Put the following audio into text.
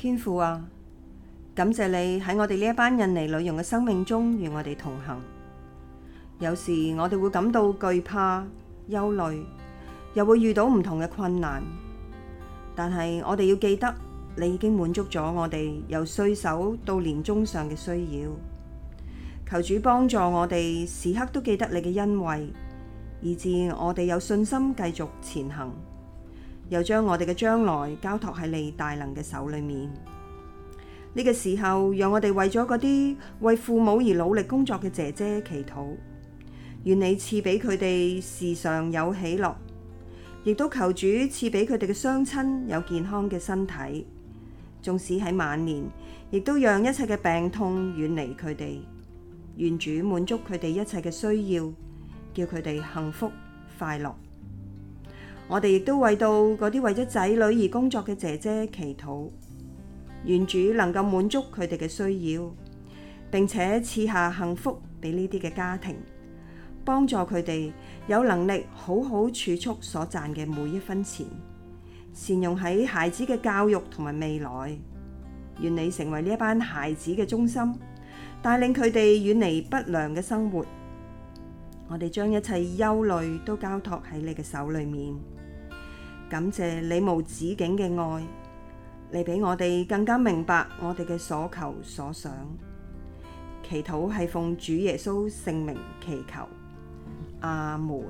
天父啊，感謝你喺我哋呢一班印尼女傭嘅生命中與我哋同行。有時我哋會感到懼怕、憂慮，又會遇到唔同嘅困難。但係我哋要記得，你已經滿足咗我哋由歲首到年終上嘅需要。求主幫助我哋時刻都記得你嘅恩惠，以致我哋有信心繼續前行。又將我哋嘅將來交託喺你大能嘅手裏面。呢個時候，讓我哋為咗嗰啲為父母而努力工作嘅姐姐祈禱，願你賜俾佢哋時常有喜樂，亦都求主賜俾佢哋嘅雙親有健康嘅身體，縱使喺晚年，亦都讓一切嘅病痛遠離佢哋，願主滿足佢哋一切嘅需要，叫佢哋幸福快樂。我哋亦都為到嗰啲為咗仔女而工作嘅姐姐祈禱，願主能夠滿足佢哋嘅需要，並且賜下幸福俾呢啲嘅家庭，幫助佢哋有能力好好儲蓄所賺嘅每一分錢，善用喺孩子嘅教育同埋未來。願你成為呢一班孩子嘅中心，帶領佢哋遠離不良嘅生活。我哋將一切憂慮都交託喺你嘅手裏面，感謝你無止境嘅愛，你俾我哋更加明白我哋嘅所求所想。祈禱係奉主耶穌聖名祈求，阿門。